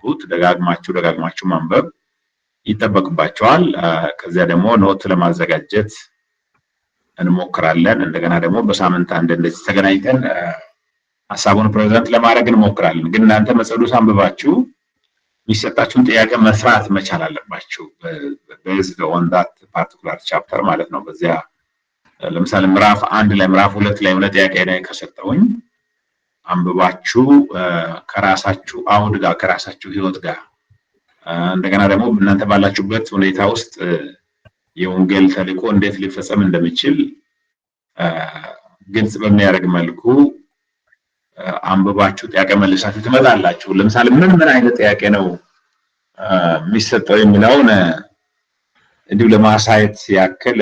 እንዳልኩት ደጋግማችሁ ደጋግማችሁ ማንበብ ይጠበቅባቸዋል። ከዚያ ደግሞ ኖት ለማዘጋጀት እንሞክራለን። እንደገና ደግሞ በሳምንት አንድ እንደዚህ ተገናኝተን ሀሳቡን ፕሬዘንት ለማድረግ እንሞክራለን። ግን እናንተ መጸዱስ አንብባችሁ የሚሰጣችሁን ጥያቄ መስራት መቻል አለባችሁ። በዝ ኦን ፓርቲኩላር ቻፕተር ማለት ነው። በዚያ ለምሳሌ ምዕራፍ አንድ ላይ ምዕራፍ ሁለት ላይ የሆነ ጥያቄ ላይ ከሰጠውኝ አንብባችሁ ከራሳችሁ አውድ ጋር ከራሳችሁ ህይወት ጋር እንደገና ደግሞ እናንተ ባላችሁበት ሁኔታ ውስጥ የወንጌል ተልዕኮ እንዴት ሊፈጸም እንደሚችል ግልጽ በሚያደርግ መልኩ አንብባችሁ ጥያቄ መልሳችሁ ትመጣላችሁ። ለምሳሌ ምን ምን አይነት ጥያቄ ነው የሚሰጠው የሚለውን እንዲሁ ለማሳየት ያክል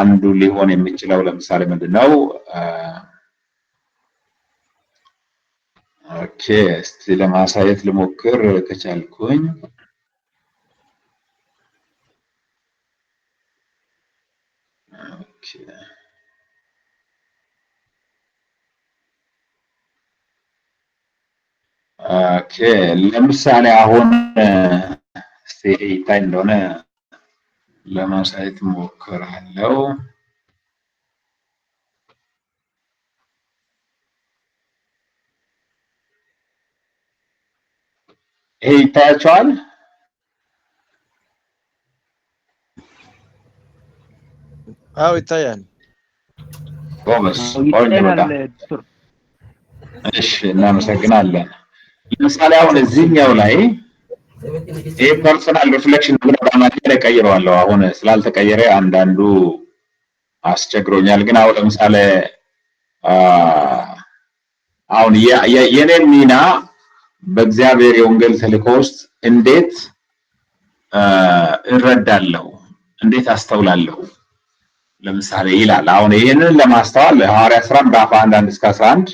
አንዱ ሊሆን የሚችለው ለምሳሌ ምንድን ነው ኦኬ እስቲ ለማሳየት ልሞክር ከቻልኩኝ። ኦኬ ኦኬ ለምሳሌ አሁን እስቲ ይታይ እንደሆነ ለማሳየት ሞክራለሁ። ይሄ ይታያቸዋል። አዎ ይታያል። ጎበዝ እሺ፣ እናመሰግናለን። ለምሳሌ አሁን እዚህኛው ላይ ይሄ ፐርሰናል ሪፍሌክሽን ብለ በአማርኛ ላይ ቀይረዋለሁ። አሁን ስላልተቀየረ አንዳንዱ አስቸግሮኛል። ግን አሁን ለምሳሌ አሁን የኔ ሚና በእግዚአብሔር የወንጌል ተልእኮ ውስጥ እንዴት እረዳለሁ፣ እንዴት አስተውላለሁ ለምሳሌ ይላል። አሁን ይህንን ለማስተዋል ሐዋርያ ስራ ምዕራፍ 1 1 እስከ 11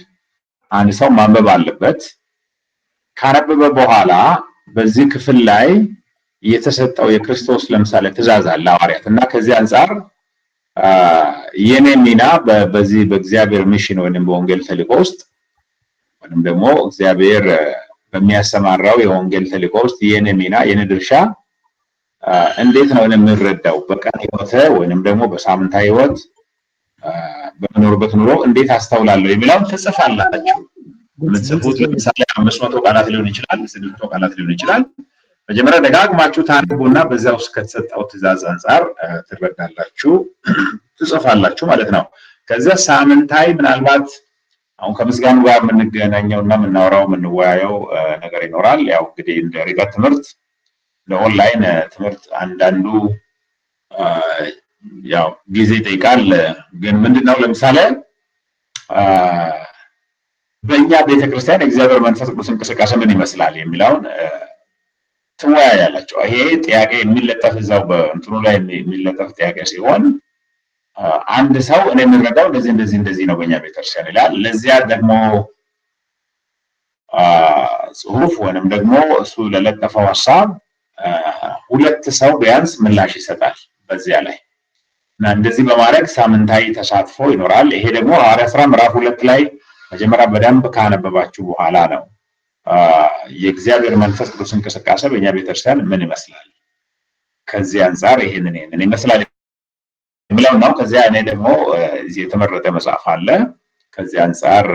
አንድ ሰው ማንበብ አለበት። ካነበበ በኋላ በዚህ ክፍል ላይ የተሰጠው የክርስቶስ ለምሳሌ ትእዛዝ አለ ሐዋርያት እና ከዚህ አንጻር የኔ ሚና በዚህ በእግዚአብሔር ሚሽን ወይም በወንጌል ተልእኮ ውስጥ ወይም ደግሞ እግዚአብሔር በሚያሰማራው የወንጌል ተልእኮ ውስጥ የኔ ሚና የኔ ድርሻ እንዴት ነው የምንረዳው? በቀን ህይወት ወይንም ደግሞ በሳምንታ ህይወት በምኖርበት ኑሮ እንዴት አስተውላለሁ የሚለውን ትጽፋላችሁ። የምትጽፉት ለምሳሌ አምስት መቶ ቃላት ሊሆን ይችላል፣ ስድስት መቶ ቃላት ሊሆን ይችላል። መጀመሪያ ደጋግማችሁ ታንቡና በዛ ውስጥ ከተሰጠው ትእዛዝ አንጻር ትረዳላችሁ፣ ትጽፋላችሁ ማለት ነው። ከዚያ ሳምንታይ ምናልባት አሁን ከምስጋኑ ጋር የምንገናኘው እና የምናወራው የምንወያየው ነገር ይኖራል። ያው እንግዲህ እንደ ርቀት ትምህርት ለኦንላይን ትምህርት አንዳንዱ ያው ጊዜ ይጠይቃል። ግን ምንድን ነው ለምሳሌ በእኛ ቤተክርስቲያን የእግዚአብሔር መንፈስ ቅዱስ እንቅስቃሴ ምን ይመስላል የሚለውን ትወያያላቸው። ይሄ ጥያቄ የሚለጠፍ እዛው በእንትኑ ላይ የሚለጠፍ ጥያቄ ሲሆን አንድ ሰው እኔ የምረዳው እንደዚህ እንደዚህ እንደዚህ ነው በእኛ ቤተክርስቲያን ይላል። ለዚያ ደግሞ ጽሁፍ ወይንም ደግሞ እሱ ለለጠፈው ሀሳብ ሁለት ሰው ቢያንስ ምላሽ ይሰጣል በዚያ ላይ እና እንደዚህ በማድረግ ሳምንታዊ ተሳትፎ ይኖራል። ይሄ ደግሞ ሐዋርያ ስራ ምዕራፍ ሁለት ላይ መጀመሪያ በደንብ ካነበባችሁ በኋላ ነው የእግዚአብሔር መንፈስ ቅዱስ እንቅስቃሴ በእኛ ቤተክርስቲያን ምን ይመስላል፣ ከዚህ አንጻር ይሄንን ይሄንን ይመስላል ብለው ነው። ከዚያ እኔ ደግሞ እዚህ የተመረጠ መጽሐፍ አለ። ከዚያ አንጻር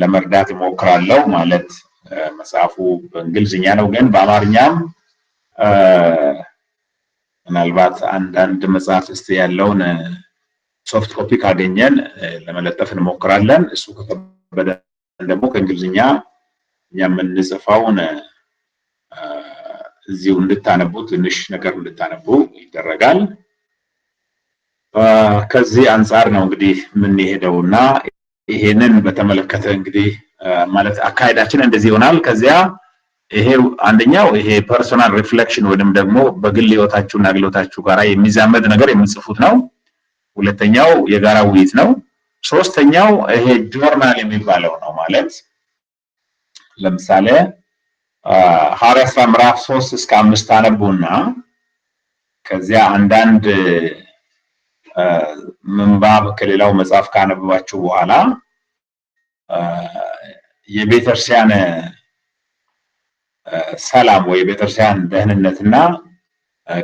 ለመርዳት እሞክራለሁ ማለት መጽሐፉ በእንግሊዝኛ ነው፣ ግን በአማርኛም ምናልባት አንዳንድ መጽሐፍ ስ ያለውን ሶፍት ኮፒ ካገኘን ለመለጠፍ እንሞክራለን። እሱ ከከበደ ደግሞ ከእንግሊዝኛ እኛ የምንጽፈውን እዚሁ እንድታነቡ ትንሽ ነገር እንድታነቡ ይደረጋል። ከዚህ አንጻር ነው እንግዲህ የምንሄደው እና ይሄንን በተመለከተ እንግዲህ ማለት አካሄዳችን እንደዚህ ይሆናል። ከዚያ ይሄ አንደኛው ይሄ ፐርሶናል ሪፍሌክሽን ወይንም ደግሞ በግል እና ግሎታችሁ ጋር የሚዛመድ ነገር የምንጽፉት ነው። ሁለተኛው የጋራ ውይይት ነው። ሶስተኛው ይሄ ጆርናል የሚባለው ነው። ማለት ለምሳሌ ሐዋርያት ስራ ምዕራፍ ሶስት እስከ አምስት አነቡና ከዚያ አንዳንድ ምንባብ ከሌላው መጽሐፍ ካነበባችሁ በኋላ የቤተክርስቲያን ሰላም ወይ የቤተክርስቲያን ደህንነትና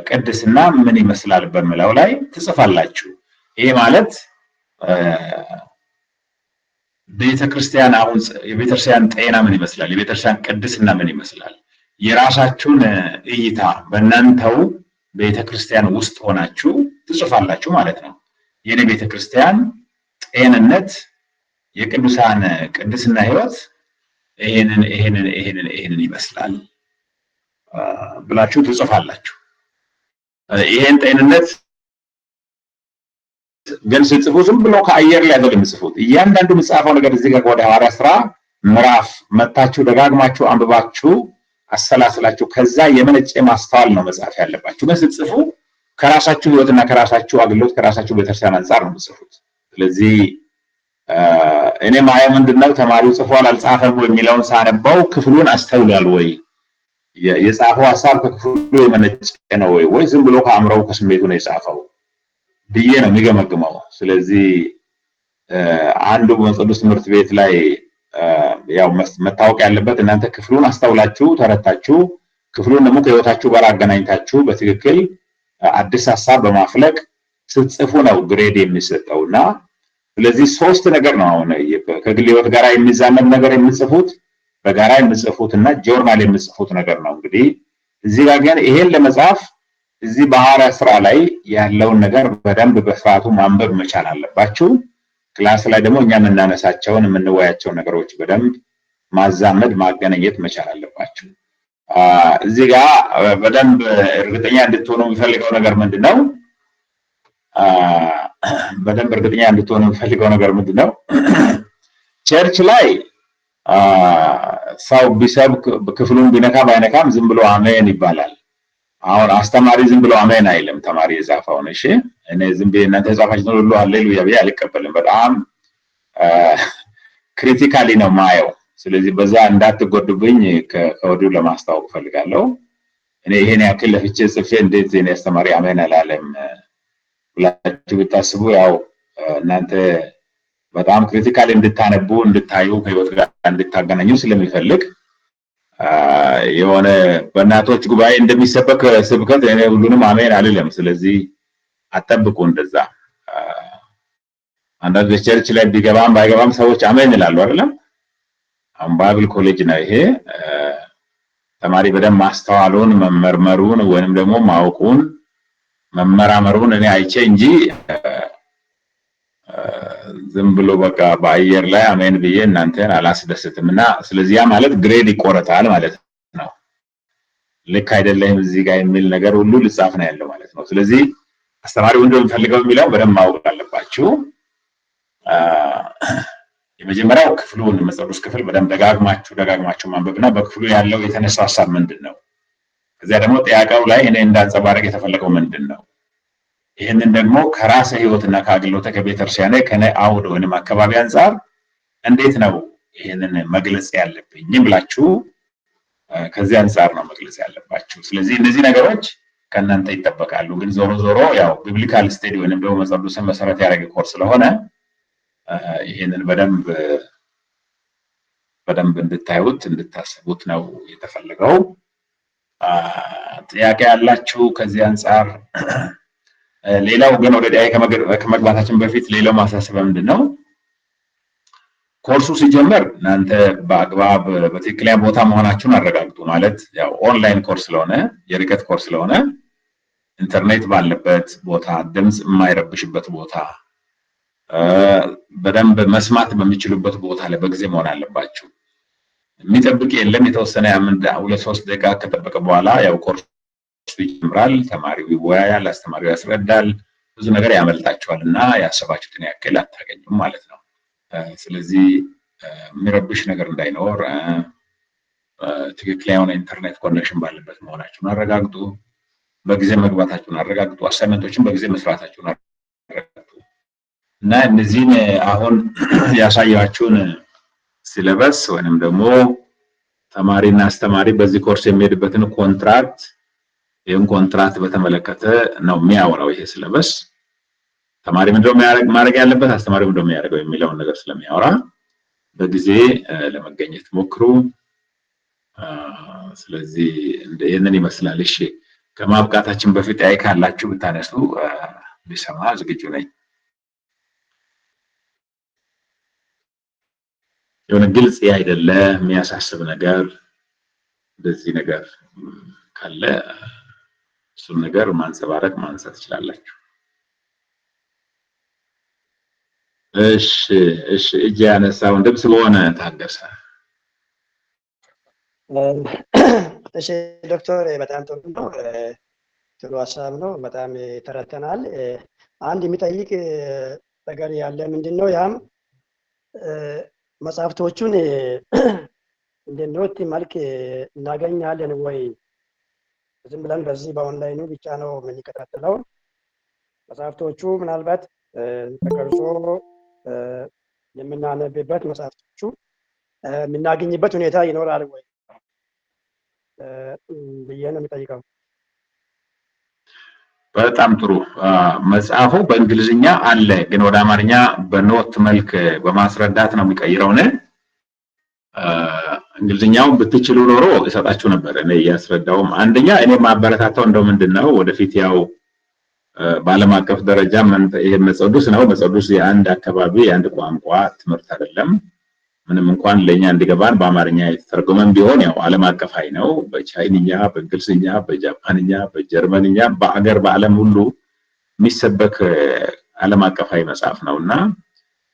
ቅድስና ምን ይመስላል በሚለው ላይ ትጽፋላችሁ። ይሄ ማለት ቤተክርስቲያን አሁን የቤተክርስቲያን ጤና ምን ይመስላል፣ የቤተክርስቲያን ቅድስና ምን ይመስላል፣ የራሳችሁን እይታ በእናንተው ቤተክርስቲያን ውስጥ ሆናችሁ ትጽፋላችሁ ማለት ነው። የኔ ቤተ ክርስቲያን ጤንነት፣ የቅዱሳን ቅድስና ህይወት ይሄንን ይሄንን ይሄንን ይሄንን ይመስላል ብላችሁ ትጽፋላችሁ። ይሄን ጤንነት ግን ስጽፉ ዝም ብሎ ከአየር ላይ አይደለም ጽፉት። እያንዳንዱ የምጽፈው ነገር እዚህ ጋር ወደ ሐዋርያ ስራ ምዕራፍ መታችሁ ደጋግማችሁ አንብባችሁ አሰላስላችሁ ከዛ የመነጨ ማስተዋል ነው መጻፍ ያለባችሁ። ግን ስትጽፉ ከራሳችሁ ህይወትና ከራሳችሁ አገልግሎት ከራሳችሁ ቤተክርስቲያን አንጻር ነው የምጽፉት። ስለዚህ እኔ ማየ ምንድነው ተማሪው ጽፏል አልጻፈም የሚለውን ሳነባው ክፍሉን አስተውሏል ወይ የጻፈው ሀሳብ ከክፍሉ የመነጨ ነው ወይ ወይ ዝም ብሎ ከአእምሮው ከስሜቱ ነው የጻፈው ብዬ ነው የሚገመግመው። ስለዚህ አንዱ በቅዱስ ትምህርት ቤት ላይ ያው መታወቅ ያለበት እናንተ ክፍሉን አስተውላችሁ ተረታችሁ፣ ክፍሉን ደግሞ ከህይወታችሁ ጋር አገናኝታችሁ በትክክል አዲስ ሀሳብ በማፍለቅ ስትጽፉ ነው ግሬድ የሚሰጠው እና ስለዚህ ሶስት ነገር ነው አሁን ከግል ህይወት ጋር የሚዛመድ ነገር የምጽፉት በጋራ የምጽፉት እና ጆርናል የምጽፉት ነገር ነው። እንግዲህ እዚህ ጋር ግን ይሄን ለመጻፍ እዚህ በሐዋርያ ስራ ላይ ያለውን ነገር በደንብ በስርዓቱ ማንበብ መቻል አለባችሁ። ክላስ ላይ ደግሞ እኛ የምናነሳቸውን የምንወያቸውን ነገሮች በደንብ ማዛመድ ማገናኘት መቻል አለባችሁ። እዚህ ጋ በደንብ እርግጠኛ እንድትሆኑ የሚፈልገው ነገር ምንድን ነው? በደንብ እርግጠኛ እንድትሆኑ የሚፈልገው ነገር ምንድን ነው? ቸርች ላይ ሰው ቢሰብክ ክፍሉን ቢነካም አይነካም ዝም ብሎ አሜን ይባላል። አሁን አስተማሪ ዝም ብሎ አሜን አይልም። ተማሪ የጻፈውን እሺ፣ እኔ ዝም ብዬ እናንተ የጻፋችሁትን ሁሉ አሌሉያ ብዬ አልቀበልም። በጣም ክሪቲካሊ ነው ማየው ስለዚህ በዛ እንዳትጎዱብኝ ከወዲሁ ለማስታወቅ እፈልጋለሁ። እኔ ይሄን ያክል ለፍቼ ጽፌ እንዴት ዜና አስተማሪ አሜን አላለም ብላችሁ ብታስቡ ያው እናንተ በጣም ክሪቲካል እንድታነቡ እንድታዩ ከህይወት ጋር እንድታገናኙ ስለሚፈልግ የሆነ በእናቶች ጉባኤ እንደሚሰበክ ስብከት እኔ ሁሉንም አሜን አልልም። ስለዚህ አጠብቁ። እንደዛ አንዳንድ ቸርች ላይ ቢገባም ባይገባም ሰዎች አሜን ይላሉ አይደለም አሁን ባይብል ኮሌጅ ነው ይሄ ተማሪ በደንብ ማስተዋሉን መመርመሩን ወይንም ደግሞ ማወቁን መመራመሩን እኔ አይቼ እንጂ ዝም ብሎ በቃ በአየር ላይ አሜን ብዬ እናንተን አላስደስትም። እና ስለዚያ ማለት ግሬድ ይቆረጣል ማለት ነው። ልክ አይደለም እዚህ ጋር የሚል ነገር ሁሉ ልጻፍ ነው ያለው ማለት ነው። ስለዚህ አስተማሪው እንደምፈልገው የሚለው በደንብ ማወቅ አለባችሁ። የመጀመሪያው ክፍሉን መጽሐፍ ክፍል በደንብ ደጋግማችሁ ደጋግማችሁ ማንበብና በክፍሉ ያለው የተነሳ ሀሳብ ምንድን ነው? ከዚያ ደግሞ ጥያቄው ላይ እኔ እንዳንጸባረቅ የተፈለገው ምንድን ነው? ይህንን ደግሞ ከራስ ህይወትና ከአገልግሎት ከቤተክርስቲያኔ ከነ አውድ ወይም አካባቢ አንጻር እንዴት ነው ይህንን መግለጽ ያለብኝ ብላችሁ ከዚህ አንጻር ነው መግለጽ ያለባችሁ። ስለዚህ እነዚህ ነገሮች ከእናንተ ይጠበቃሉ። ግን ዞሮ ዞሮ ያው ቢብሊካል ስተዲ ወይም ደግሞ መጽሐፍ መሰረት ያደረገ ኮርስ ስለሆነ ይህንን በደንብ በደንብ እንድታዩት እንድታስቡት ነው የተፈለገው። ጥያቄ ያላችሁ ከዚህ አንጻር። ሌላው ግን ወደ ዲአይ ከመግባታችን በፊት ሌላው ማሳሰቢያ ምንድን ነው? ኮርሱ ሲጀመር እናንተ በአግባብ በትክክለኛ ቦታ መሆናችሁን አረጋግጡ። ማለት ያው ኦንላይን ኮርስ ስለሆነ የርቀት ኮርስ ስለሆነ ኢንተርኔት ባለበት ቦታ፣ ድምፅ የማይረብሽበት ቦታ በደንብ መስማት በሚችሉበት ቦታ ላይ በጊዜ መሆን አለባችሁ። የሚጠብቅ የለም። የተወሰነ ያምንድ ሁለት ሶስት ደቂቃ ከጠበቀ በኋላ ያው ኮርሱ ይጀምራል። ተማሪው ይወያያል፣ አስተማሪው ያስረዳል። ብዙ ነገር ያመልጣቸዋል እና ያሰባችሁትን ያክል አታገኙም ማለት ነው። ስለዚህ የሚረብሽ ነገር እንዳይኖር ትክክለኛ የሆነ ኢንተርኔት ኮኔክሽን ባለበት መሆናችሁን አረጋግጡ። በጊዜ መግባታችሁን አረጋግጡ። አሳይመንቶችን በጊዜ መስራታችሁን እና እነዚህን አሁን ያሳያችሁን ሲለበስ ወይንም ደግሞ ተማሪና አስተማሪ በዚህ ኮርስ የሚሄድበትን ኮንትራክት ይህን ኮንትራክት በተመለከተ ነው የሚያወራው ይሄ ሲለበስ። ተማሪ ምንድነው ማድረግ ያለበት፣ አስተማሪ ምንድነው የሚያደርገው የሚለውን ነገር ስለሚያወራ በጊዜ ለመገኘት ሞክሩ። ስለዚህ ይህንን ይመስላል። እሺ ከማብቃታችን በፊት አይ ካላችሁ ብታነሱ ቢሰማ ዝግጁ ነኝ። የሆነ ግልጽ አይደለ የሚያሳስብ ነገር እንደዚህ ነገር ካለ እሱን ነገር ማንጸባረቅ ማንሳት ትችላላችሁ። እሺ እሺ። እጅ ያነሳው ወንድም ስለሆነ ታገሰ። እሺ ዶክተር፣ በጣም ጥሩ ነው። ጥሩ ሀሳብ ነው። በጣም ተረተናል። አንድ የሚጠይቅ ነገር ያለ ምንድን ነው ያም መጽሐፍቶቹን እንደኖት መልክ እናገኛለን ወይ? ዝም ብለን በዚህ በኦንላይኑ ብቻ ነው የምንከታተለው? መጽሐፍቶቹ ምናልባት ተቀርጾ የምናነብበት መጽሐፍቶቹ የምናገኝበት ሁኔታ ይኖራል ወይ ብዬ ነው የሚጠይቀው። በጣም ጥሩ መጽሐፉ በእንግሊዝኛ አለ፣ ግን ወደ አማርኛ በኖት መልክ በማስረዳት ነው የሚቀይረውን። እንግሊዝኛውን ብትችሉ ኖሮ እሰጣችሁ ነበር እኔ እያስረዳውም። አንደኛ እኔ ማበረታታው እንደው ምንድን ነው ወደፊት ያው በአለም አቀፍ ደረጃ ይሄ መጸዱስ ነው። መጸዱስ የአንድ አካባቢ የአንድ ቋንቋ ትምህርት አይደለም። ምንም እንኳን ለእኛ እንዲገባን በአማርኛ የተተረጎመን ቢሆን ያው ዓለም አቀፋዊ ነው። በቻይንኛ፣ በእንግሊዝኛ፣ በጃፓንኛ፣ በጀርመንኛ በአገር በዓለም ሁሉ የሚሰበክ ዓለም አቀፋዊ መጽሐፍ ነው እና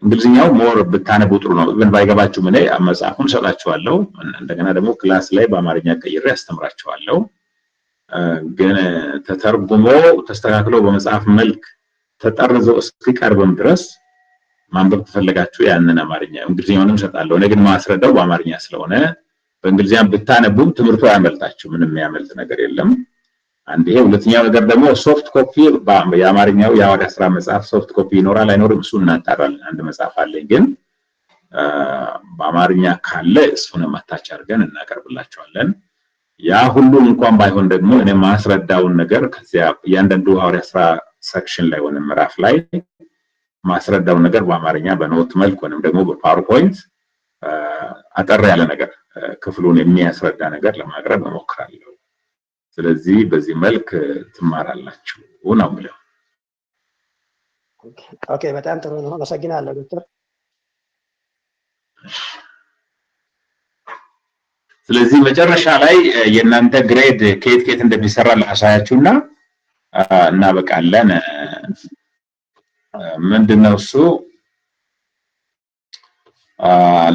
እንግሊዝኛው ሞር ብታነቡ ጥሩ ነው። ኢቨን ባይገባችሁ ምን መጽሐፉን እሰጣችኋለሁ። እንደገና ደግሞ ክላስ ላይ በአማርኛ ቀይሬ አስተምራችኋለሁ። ግን ተተርጉሞ ተስተካክሎ በመጽሐፍ መልክ ተጠርዞ እስኪቀርብም ድረስ ማንበብ ከፈለጋችሁ ያንን አማርኛ እንግሊዝኛውንም እሰጣለሁ። እኔ ግን ማስረዳው በአማርኛ ስለሆነ በእንግሊዝኛ ብታነቡም ትምህርቱ አያመልጣችሁ። ምንም የሚያመልጥ ነገር የለም። አንድ ይሄ። ሁለተኛው ነገር ደግሞ ሶፍት ኮፒ የአማርኛው የሐዋርያ ስራ መጽሐፍ ሶፍት ኮፒ ይኖራል አይኖርም፣ እሱን እናጣራለን። አንድ መጽሐፍ አለኝ ግን በአማርኛ ካለ እሱን ማታች አድርገን እናቀርብላቸዋለን። ያ ሁሉ እንኳን ባይሆን ደግሞ እኔ ማስረዳውን ነገር ከዚያ እያንዳንዱ ሐዋርያ ስራ ሰክሽን ላይ ሆነ ምዕራፍ ላይ ማስረዳው ነገር በአማርኛ በኖት መልክ ወይም ደግሞ በፓወርፖይንት አጠር ያለ ነገር ክፍሉን የሚያስረዳ ነገር ለማቅረብ እሞክራለሁ። ስለዚህ በዚህ መልክ ትማራላችሁ ነው የምለው። ኦኬ፣ በጣም ጥሩ ነው። አመሰግናለሁ ዶክተር። ስለዚህ መጨረሻ ላይ የእናንተ ግሬድ ከየት ከየት እንደሚሰራ ላሳያችሁና እናበቃለን። ምንድነው እሱ?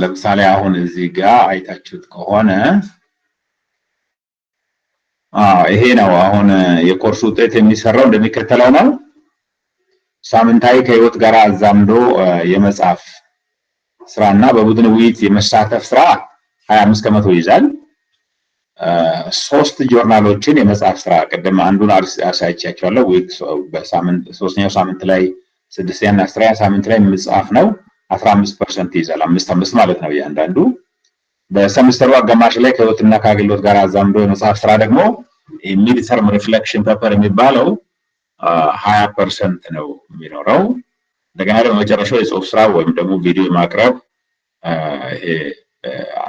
ለምሳሌ አሁን እዚህ ጋር አይታችሁት ከሆነ ይሄ ነው። አሁን የኮርስ ውጤት የሚሰራው እንደሚከተለው ነው። ሳምንታዊ ከህይወት ጋር አዛምዶ የመጻፍ ስራና በቡድን ውይይት የመሳተፍ ስራ 25 ከመቶ ይይዛል። ሶስት ጆርናሎችን የመጻፍ ስራ ቅድም አንዱን አሳይቻቸዋለሁ። ዊክ በሳምንት ሶስተኛው ሳምንት ላይ ስድስተኛና አስረኛ ሳምንት ላይ መጽሐፍ ነው። አስራ አምስት ፐርሰንት ይይዛል። አምስት አምስት ማለት ነው እያንዳንዱ። በሰምስተሩ አጋማሽ ላይ ከህይወትና ከአገልግሎት ጋር አዛምዶ የመጽሐፍ ስራ ደግሞ ሚድተርም ሪፍሌክሽን ፔፐር የሚባለው 20 ፐርሰንት ነው የሚኖረው። እንደገና ደግሞ መጨረሻው የጽሁፍ ስራ ወይም ደግሞ ቪዲዮ የማቅረብ ይሄ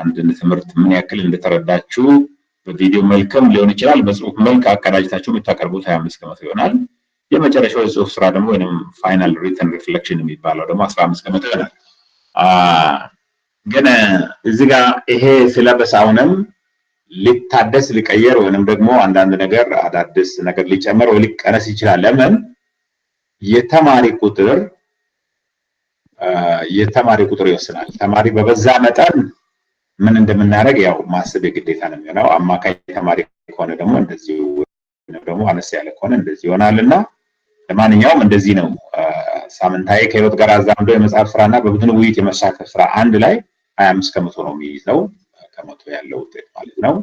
አንድን ትምህርት ምን ያክል እንደተረዳችሁ በቪዲዮ መልክም ሊሆን ይችላል፣ በጽሁፍ መልክ አቀዳጅታችሁ የምታቀርቡት 25 አምስት ከመቶ ይሆናል። የመጨረሻው የጽሁፍ ስራ ደግሞ ወይም ፋይናል ሪተን ሪፍሌክሽን የሚባለው ደግሞ አስራ አምስት ከመቶ ይሆናል። ግን እዚህ ጋር ይሄ ሲለበስ አሁንም ሊታደስ ሊቀየር ወይንም ደግሞ አንዳንድ ነገር አዳዲስ ነገር ሊጨመር ወይ ሊቀነስ ይችላል። ለምን የተማሪ ቁጥር የተማሪ ቁጥር ይወስናል። ተማሪ በበዛ መጠን ምን እንደምናደርግ ያው ማሰብ የግዴታ ነው የሚሆነው። አማካኝ ተማሪ ከሆነ ደግሞ እንደዚሁ ወይም ደግሞ አነስ ያለ ከሆነ እንደዚህ ይሆናል እና ለማንኛውም እንደዚህ ነው። ሳምንታዊ ከህይወት ጋር አዛምዶ የመጽሐፍ ስራ እና በቡድን ውይይት የመሳተፍ ስራ አንድ ላይ ሀያ አምስት ከመቶ ነው የሚይዘው ከመቶ ያለው ውጤት ማለት ነው።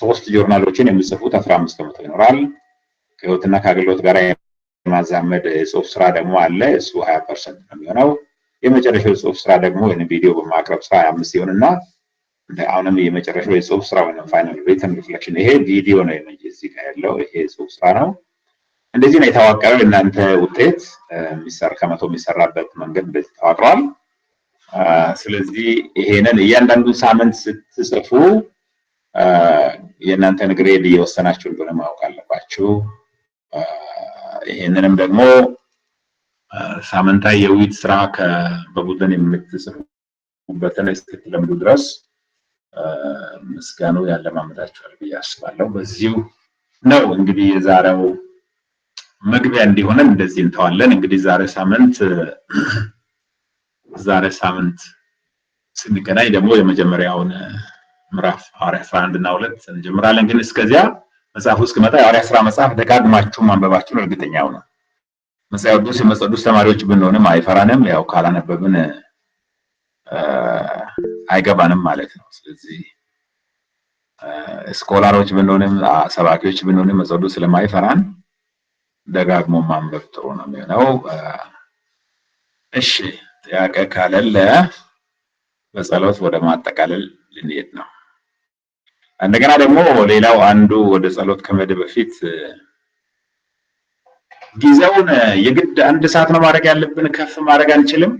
ሶስት ጆርናሎችን የምጽፉት አስራ አምስት ከመቶ ይኖራል። ከህይወትና ከአገልግሎት ጋር የማዛመድ የጽሁፍ ስራ ደግሞ አለ። እሱ ሀያ ፐርሰንት ነው የሚሆነው። የመጨረሻው ጽሁፍ ስራ ደግሞ ወይም ቪዲዮ በማቅረብ ስራ ሀያ አምስት ይሆንና አሁንም የመጨረሻው የጽሁፍ ስራ ወይም ፋይናል ሪተን ሪፍሌክሽን ይሄ ቪዲዮ ነው እዚህ ጋር ያለው ይሄ የጽሁፍ ስራ ነው። እንደዚህ ነው የተዋቀረው። እናንተ ውጤት ከመቶ የሚሰራበት መንገድ እንደዚህ ተዋቅሯል። ስለዚህ ይሄንን እያንዳንዱን ሳምንት ስትጽፉ የእናንተን ግሬድ እየወሰናችሁ እንደሆነ ማወቅ አለባችሁ። ይሄንንም ደግሞ ሳምንታዊ የዊት ስራ በቡድን የምትጽፉበትን እስክትለምዱ ድረስ ምስጋናው ያለማመዳቸዋል ብዬ አስባለሁ። በዚሁ ነው እንግዲህ የዛሬው መግቢያ እንዲሆነን እንደዚህ እንተዋለን። እንግዲህ ዛሬ ሳምንት ዛሬ ሳምንት ስንገናኝ ደግሞ የመጀመሪያውን ምዕራፍ ሐዋርያት ሥራ አንድ እና ሁለት እንጀምራለን። ግን እስከዚያ መጽሐፍ ውስጥ እስክመጣ የሐዋርያት ሥራ መጽሐፍ ደጋግማችሁ ማንበባችሁን እርግጠኛው ነው። መጽሐፍ ቅዱስ የመጽሐፍ ቅዱስ ተማሪዎች ብንሆንም አይፈራንም። ያው ካላነበብን አይገባንም ማለት ነው። ስለዚህ ስኮላሮች ብንሆንም ሰባኪዎች ብንሆንም መጸዱ ስለማይፈራን ደጋግሞ ማንበብ ጥሩ ነው የሚሆነው። እሺ ጥያቄ ካለለ በጸሎት ወደ ማጠቃለል ልንሄድ ነው። እንደገና ደግሞ ሌላው አንዱ ወደ ጸሎት ከመሄድ በፊት ጊዜውን የግድ አንድ ሰዓት ነው ማድረግ ያለብን፣ ከፍ ማድረግ አንችልም።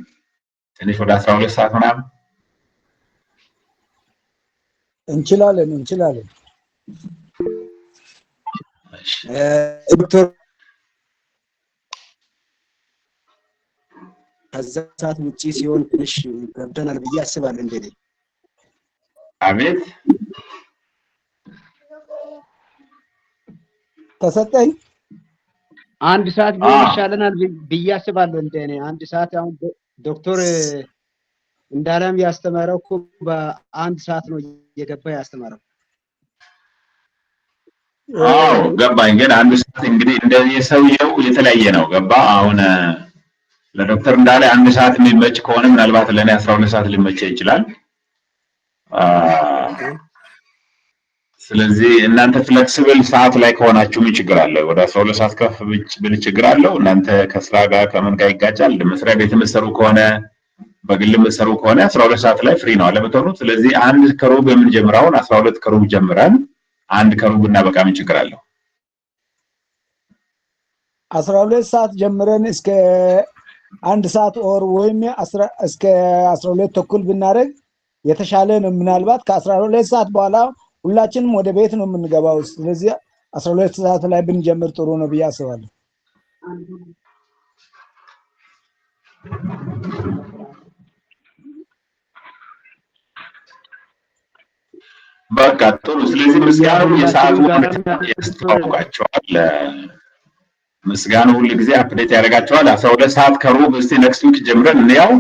ትንሽ ወደ አስራ ሁለት ሰዓት ምናምን እንችላለን እንችላለን። ዶክተር ከዛ ሰዓት ውጪ ሲሆን ትንሽ ገብተናል ብዬ አስባለሁ። እንደ አቤት ተሰጠኝ አንድ ሰዓት ቢሆን ይሻለናል ብዬ አስባለሁ። እንደ እኔ አንድ ሰዓት አሁን ዶክተር እንዳለም ያስተማረው እኮ በአንድ ሰዓት ነው። እየገባ ያስተማረው? አዎ ገባኝ። ግን አንድ ሰዓት እንግዲህ እንደዚህ ሰውየው የተለያየ ነው። ገባ አሁን ለዶክተር እንዳለ አንድ ሰዓት የሚመች ከሆነ ምናልባት ለእኔ አስራ ሁለት ሰዓት ሊመቸ ይችላል። ስለዚህ እናንተ ፍለክስብል ሰዓት ላይ ከሆናችሁ ምን ችግር አለ? ወደ አስራ ሁለት ሰዓት ከፍ ብል ችግር አለው? እናንተ ከስራ ጋር ከምን ጋር ይጋጫል? መስሪያ ቤት የምትሰሩ ከሆነ በግል የምትሰሩ ከሆነ 12 ሰዓት ላይ ፍሪ ነው አለምትሆኑት። ስለዚህ አንድ ከሩብ የምንጀምረውን 12 ከሩብ ጀምረን አንድ ከሩብ እናበቃ ምን ችግር 12 ሰዓት ጀምረን እስከ አንድ ሰዓት ኦር ወይም እስከ 12 ተኩል ብናደርግ የተሻለ ነው። ምናልባት ከ12 ሰዓት በኋላ ሁላችንም ወደ ቤት ነው የምንገባው። ስለዚህ 12 ሰዓት ላይ ብንጀምር ጥሩ ነው ብዬ አስባለሁ። በቃ ጥሩ። ስለዚህ ምስጋናው የሰዓቱ ያስተዋውቃቸዋል። ምስጋናው ሁል ጊዜ አፕዴት ያደርጋቸዋል። አስራ ሁለት ሰዓት ከሩብ እስቲ ኔክስት ዊክ ጀምረን እንያው።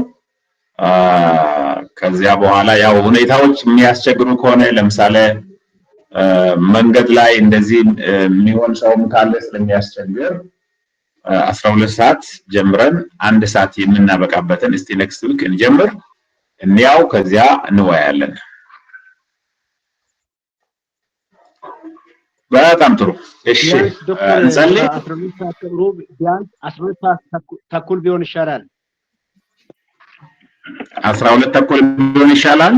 ከዚያ በኋላ ያው ሁኔታዎች የሚያስቸግሩ ከሆነ ለምሳሌ መንገድ ላይ እንደዚህ የሚሆን ሰውም ካለ ስለሚያስቸግር አስራ ሁለት ሰዓት ጀምረን አንድ ሰዓት የምናበቃበትን እስቲ ኔክስት ዊክ እንጀምር እንያው። ከዚያ እንወያያለን። በጣም ጥሩ። እሺ እንጸልይ። ተኩል ቢሆን ይሻላል። አስራ ሁለት ተኩል ቢሆን ይሻላል።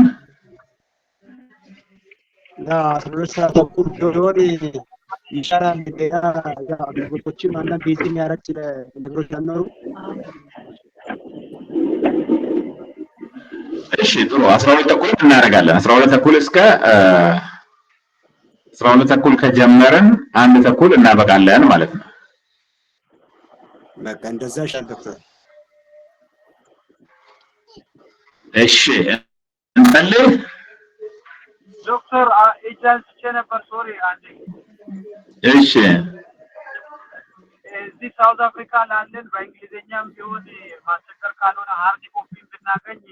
አስራ ሁለት ተኩል ቢሆን ይሻላል። አገልግሎቶችም አንዳንድ ቤት የሚያረግ ነገሮች እሺ ጥሩ። አስራ ሁለት ተኩል እናደርጋለን። አስራ ሁለት ተኩል እስከ አስራ ሁለት ተኩል ከጀመረን አንድ ተኩል እናበቃለን ማለት ነው። በቃ እንደዛ ሻል ዶክተር። እሺ እንጸልይ። ዶክተር እጃን ስቼ ነበር። ሶሪ አንዴ። እሺ እዚህ ሳውዝ አፍሪካ ላለን በእንግሊዝኛም ቢሆን ማስቸገር ካልሆነ ሀርድ ኮፒ ብናገኝ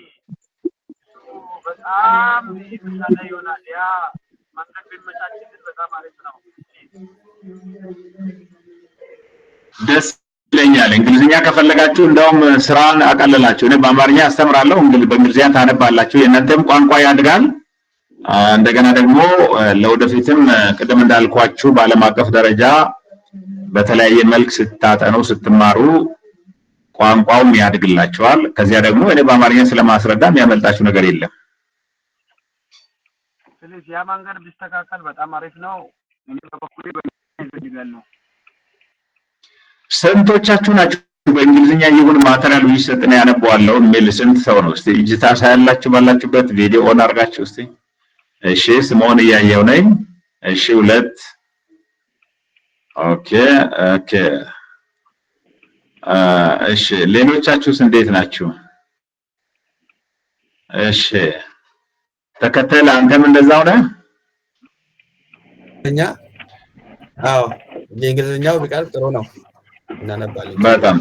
በጣም ይሆናል ያ ደስ ይለኛል። እንግሊዝኛ ከፈለጋችሁ እንደውም ስራን አቀለላችሁ። እኔ በአማርኛ አስተምራለሁ፣ በእንግሊዝኛ ታነባላችሁ። የእናንተም ቋንቋ ያድጋል። እንደገና ደግሞ ለወደፊትም ቅድም እንዳልኳችሁ በዓለም አቀፍ ደረጃ በተለያየ መልክ ስታጠኑ ስትማሩ ቋንቋውም ያድግላቸዋል። ከዚያ ደግሞ እኔ በአማርኛ ስለማስረዳ የሚያመልጣችሁ ነገር የለም። ትንሽ ያ መንገድ ቢስተካከል በጣም አሪፍ ነው። እኔ በበኩሌ ነው። ስንቶቻችሁ ናችሁ በእንግሊዝኛ ይሁን ማተሪያል ይሰጥ ይሰጥና ያነበዋለሁ የሚል ስንት ሰው ነው? እስቲ እጅታ ሳያላችሁ ባላችሁበት ቪዲዮ ኦን አድርጋችሁ እስቲ። እሺ ስምኦን እያየው ነኝ። እሺ ሁለት ኦኬ ኦኬ። እሺ ሌሎቻችሁስ እንዴት ናችሁ? እሺ ተከተል አንተም እንደዛ ሆነ እኛ አዎ የእንግሊዝኛው ቢቀር ጥሩ ነው፣ እናነባለን። በጣም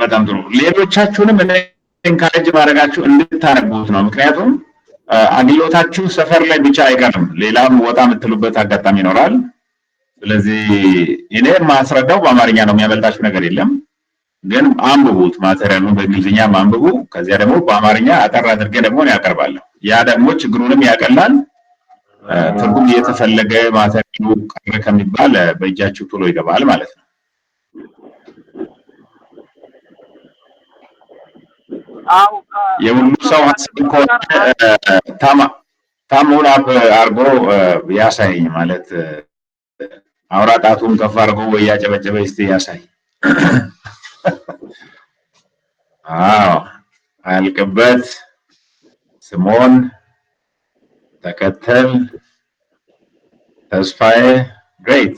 በጣም ጥሩ። ሌሎቻችሁንም ኢንካሬጅ ማድረጋችሁ እንድታነቡት ነው። ምክንያቱም አግሎታችሁ ሰፈር ላይ ብቻ አይቀርም፣ ሌላም ወጣ የምትሉበት አጋጣሚ ይኖራል። ስለዚህ እኔ ማስረዳው በአማርኛ ነው፣ የሚያበልጣችሁ ነገር የለም። ግን አንብቡት፣ ማቴሪያሉን በእንግሊዝኛ አንብቡ። ከዚያ ደግሞ በአማርኛ አጠር አድርጌ ደግሞ ያቀርባለሁ። ያ ደግሞ ችግሩንም ያቀላል። ትርጉም እየተፈለገ ማቴሪያሉ ቀረ ከሚባል በእጃችሁ ቶሎ ይገባል ማለት ነው። የሁሉ ሰው ሀሳብ ከሆነ ታሙን አፕ አርጎ ያሳይኝ ማለት አውራ ጣቱን ከፍ አርጎ ወይ ያጨበጨበ እስቲ ያሳይ። አዎ አያልቅበት ስምዖን ተከተል ተስፋዬ ግሬት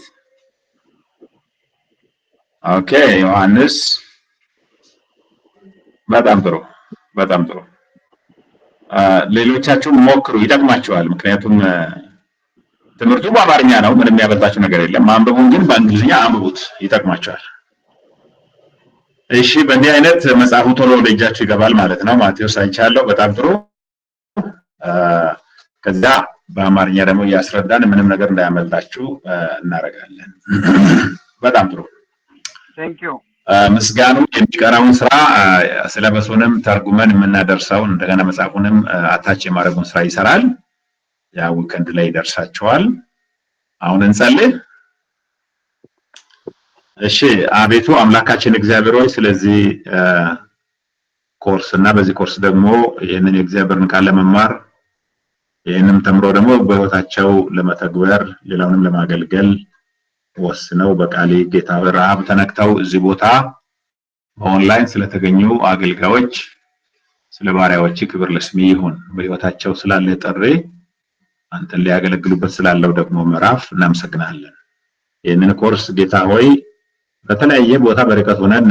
ኦኬ ዮሐንስ በጣም ጥሩ በጣም ጥሩ ሌሎቻችሁም ሞክሩ ይጠቅማችኋል ምክንያቱም ትምህርቱ በአማርኛ ነው ምንም ያበላችሁ ነገር የለም ማንበቡን ግን በእንግሊዝኛ አንብቡት ይጠቅማችኋል እሺ በእንዲህ አይነት መጽሐፉ ቶሎ ወደ እጃችሁ ይገባል ማለት ነው። ማቴዎስ አይቻለሁ። በጣም ጥሩ። ከዛ በአማርኛ ደግሞ እያስረዳን ምንም ነገር እንዳያመልጣችሁ እናደርጋለን። በጣም ጥሩ። ምስጋኑ የሚቀራውን ስራ ስለበሱንም ተርጉመን የምናደርሰውን እንደገና መጽሐፉንም አታች የማድረጉን ስራ ይሰራል። ያው ከንድ ላይ ይደርሳችኋል። አሁን እንጸልይ። እሺ አቤቱ አምላካችን እግዚአብሔር ሆይ ስለዚህ ኮርስ እና በዚህ ኮርስ ደግሞ ይህንን የእግዚአብሔርን ቃል ለመማር ይህንም ተምሮ ደግሞ በህይወታቸው ለመተግበር ሌላውንም ለማገልገል ወስነው በቃሌ ጌታ ረሃብ ተነክተው እዚህ ቦታ በኦንላይን ስለተገኙ አገልጋዮች ስለ ባሪያዎች ክብር ለስሚ ይሁን። በህይወታቸው ስላለ ጥሪ አንተን ሊያገለግሉበት ስላለው ደግሞ ምዕራፍ እናመሰግናለን። ይህንን ኮርስ ጌታ ሆይ በተለያየ ቦታ በርቀት ሆነን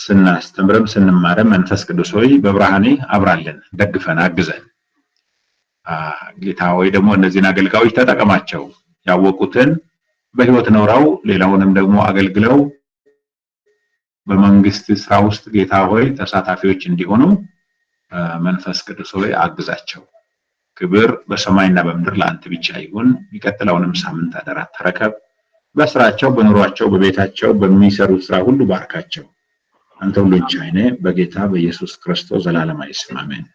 ስናስተምርም ስንማረም መንፈስ ቅዱስ ሆይ በብርሃኔ አብራለን፣ ደግፈን፣ አግዘን ጌታ ወይ ደግሞ እነዚህን አገልጋዮች ተጠቀማቸው ያወቁትን በህይወት ኖረው ሌላውንም ደግሞ አገልግለው በመንግስት ስራ ውስጥ ጌታ ሆይ ተሳታፊዎች እንዲሆኑ መንፈስ ቅዱስ ሆይ አግዛቸው። ክብር በሰማይና በምድር ለአንተ ብቻ ይሁን። የሚቀጥለውንም ሳምንት አደራ ተረከብ። በስራቸው፣ በኑሯቸው፣ በቤታቸው በሚሰሩት ስራ ሁሉ ባርካቸው። አንተ ሁሉ ቻይ በጌታ በኢየሱስ ክርስቶስ ዘላለማዊ ስም አሜን።